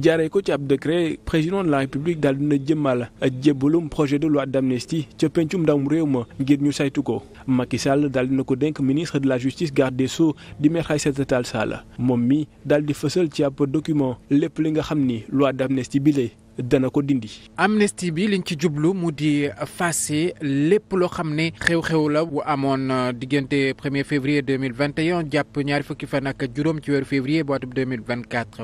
jaaree ko ci ab décret président de la république daal dina jëmmal jébbalum projet de loi d'amnistie ca pencum ndam réew ma ngir ñu saytu ko Macky Sall daal dina ko dénk ministre de la justice garde des sceaux di Maître Aïssata Tall Sall moom mi daal di fësal ci ab document lépp li nga xam ni loi d'amnistie bi lay dana ko dindi. amnistie bi liñ ci jublu mu di fàcce lépp loo xam ne xew-xew la bu amoon euh, diggante premier février deux mille vingt et un jàpp ñaari fukki fan ak juróom ci weeru février bu atum deux mille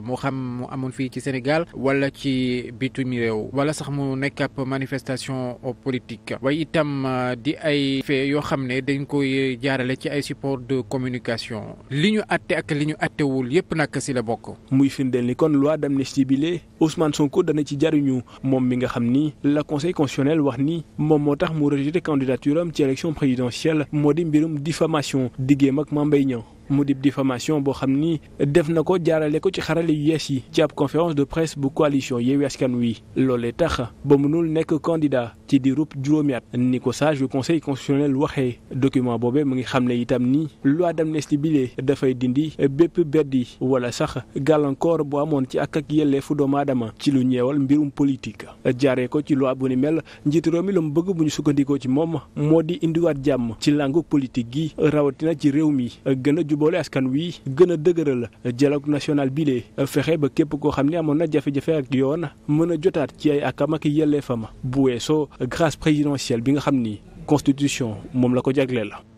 moo xam mu amoon fii ci Sénégal wala ci bitim réew wala sax mu nekk manifestation manifestation politique waaye itam euh, di ay fait yoo xam ne dañ koy jaarale ci ay support de communication li ñu àtte ak li ñu àttewul yépp nag si la bokk. muy firndeel ni kon loi d'amnistie bi Ousmane Sonko dana jariñu moom mi nga xam ni la conseil constitutionnel wax ni moom moo tax mu rejeté candidature am ci élection présidentielle moo di mbirum diffamation diggéem ak Mame Mbaye Niang mu dib diffamation boo xam ni def na ko jaarale ko ci xarale yu yees yi ci ab conférence de presse bu coalition Yewwi Askan Wi loolee tax ba mënul nekk candidat ci diirub juróomi at ni ko sage yu conseil constitutionnel waxee document boobee mu ngi xam ne itam ni loi d'amnistie bile dafay dindi bépp beddi wala sax gàllankoor bu amoon ci ak ak yelleefu doomu aadama ci lu ñeewal mbirum politique. jaaree ko ci loi bu ni mel njiitu réew mi la mu bëgg bu ñu sukkandikoo ci moom moo di indiwaat jàmm ci langu politique gi rawatina ci réew mi gën a jubóole askan wi gën a dëgëral dialogue national bile fexe ba képp koo xam ne amoon na jafe-jafe ak mën a jotaat ci ay akam grâce présidentielle bi nga xam ni constitution moom la ko jagleel la